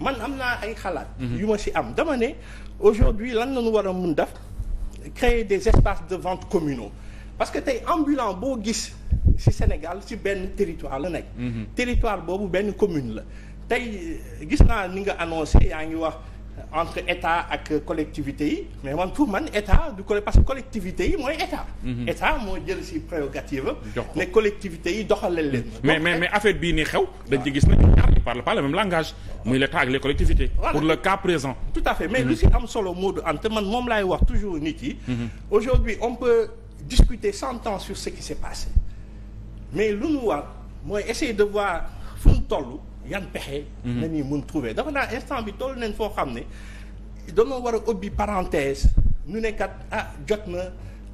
man am naa ay xalaat. Mhm. yu ma si am dama ne aujourd'hui lan la ñu war a mun def créer des espaces de vente communaux parce que tey ambulant boo gis si Sénégal si benn territoire la nekk. Mhm. territoire boobu benn commune la tey gis naa ni nga annoncé yaa ngi wax. entre état ak collectivité yi mais man pour man état du parce que collectivité yi mooy état. Mhm. état moo jël si prérogative am. ne collectivité yi doxalal leen. mais mais mais affaire bii nii xew. dañ ci gis nañ parle pas le même langage muy l'État ak les collectivités voilà. pour le cas présent tout à fait mais lu si am solo Modou Anta man moom laay wax toujours nit yi mhm. aujourd'hui on peut discuter cent ans sur ce qui s'est passé mais lu nu war mooy essayer de voir fu mu toll yan pexe nañuy mhm. mun trouver dafa naa instant bi toll nañ foo xam ne dañoo war a parenthèse ñu ne kat ah, jot na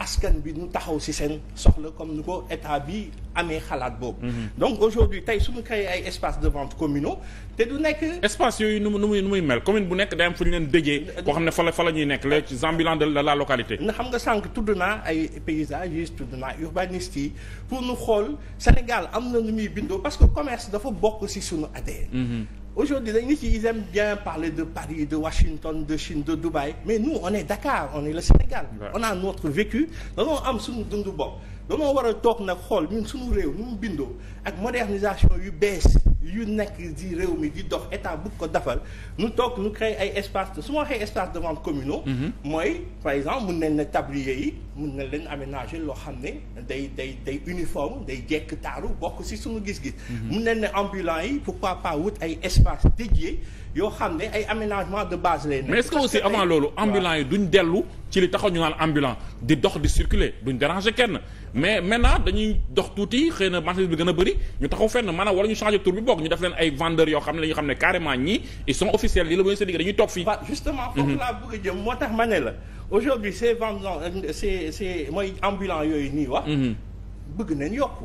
askan bi ñu taxaw ci seen soxla comme nu ko état bi amee xalaat boobu. Mhm. donc aujourd'hui tey su ñu créé ay espace de vente communaux te du nekk. espace yooyu nu mu nu muy mel commune bu nekk day am fu ñu leen déjee. koo xam ne fa la nekk les ambulants de la localité. na xam nga sànq tudd naa ay paysagistes tudd naa urbanistes pour ñu xool Sénégal am na nu muy bindoo parce que commerce dafa bokk ci suñu ADN. Mhm. aujourd'hui dañ nit yi ils aiment bien parler de Paris de Washington de Chine de Dubaï mais nous on est Dakar on est le Sénégal ouais. on a notre vécu dañoo am suñu dundu bopp dañoo war a toog nag xool ñun suñu réew nu mu bindoo ak modernisation yu bees yu nekk di réew mi di dox état bëgg ko dafal nu toog nu créer ay espace su ma waxee espace de vente communaux mhm. mooy par exemple mun nañ ne tablier yi mun na leen aménager loo xam ne day day day uniforme day jekk taaru bokk si suñu gis-gis mhm. mun nañ ne ambulant yi pourquoi pas wut ay espace dédié yoo xam ne ay aménagement de base lay nekk mais est que aussi avant loolu ambulant yi duñ dellu ci li taxaw ñu naan ambulant di dox di circuler duñ déranger kenn mais maintenant dañuy dox tuuti xëy na marchandise bi gën a bëri ñu taxaw fenn maanaam wala ñu changer tour bi bokk ñu def leen ay vendeurs yoo xam ne dañu xam ne carrément ñii ils sont officiels lii la mooy seen liggéey dañuy toog fii. waaw justement foofu mhm. laa bëgg jëm moo tax ma ne la aujourd'hui ces vendeurs ces ces mooy ambulant yooyu nii wax. Mhm. bëgg nañ yokk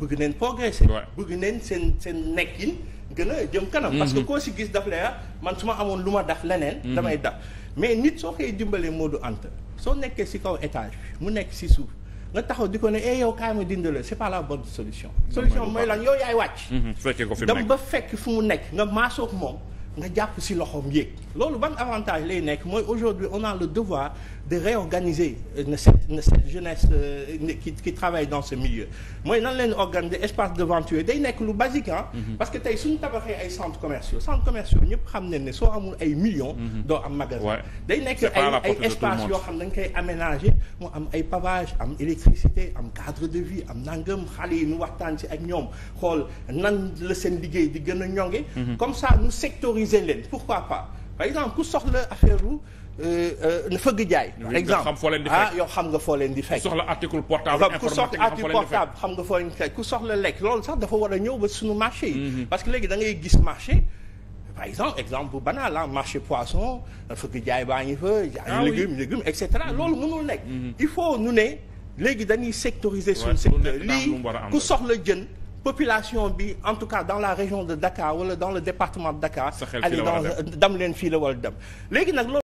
bëgg nañ progresser. bëgg nañ seen seen nekkin. gën a jëm kanam. parce que mhm. koo si gis daf lay ah, man su ma amoon lu ma daf leneen. Mhm. damay daf mais nit soo koy dimbalee du Anta soo nekkee si kaw étage bi mu nekk si suuf. nga taxaw di ko ne eh yow kaay ma dindi la c'est pas la bonne solution. solution mooy lan yow yaay wàcc. Mhm, fekkee ko fi mu nekk ba fekk fu mu nekk nga maasoog moom. nga jàpp si loxoom yéeg loolu ban avantage lay nekk mooy aujourd'hui on a le devoir de réorganiser euh, cette cette jeunesse euh, qui travaille dans ce milieu mooy nan leen organiser espace de vente yooyu day nekk lu basique mm-hmm. parce que tey suñu tabaxee ay centres commerciaux centres commerciaux ñëpp xam ne ne soo amul ay millions mm-hmm. doo am magasin day nekk ay ay espace yoo xam dañ koy aménager mu am ay pavage am électricité am cadre de vie am nangam xale yi ñu waxtaan si ak ñoom xool nan seen liggéey di gën a mm-hmm. comme ça nous sectoriser organiser leen pourquoi pas par exemple ku soxla affaire u na euh, euh, fëgg jaay. par exemple ah yow xam nga foo leen di fekk. ku soxla article portable informatique xam nga foo leen di fekk ku soxla lekk loolu sax dafa war a ñëw ba suñu marché yi. Mm-hmm. parce que léegi da ngay gis marché. par exemple exemple bu banal la ah, marché poisson fëgg jaay baa ngi fa. ah oui légumes légumes et cetera mm-hmm. loolu mënul nekk. Mm-hmm. il faut nu ne léegi dañuy sectoriser. suñu secteur lii ku soxla jën. population bi en tout cas dans la région de Dakar wala dans le département de Dakar. sa xel fii la war a dem allez dam leen fii la war a dem léegi nag loolu.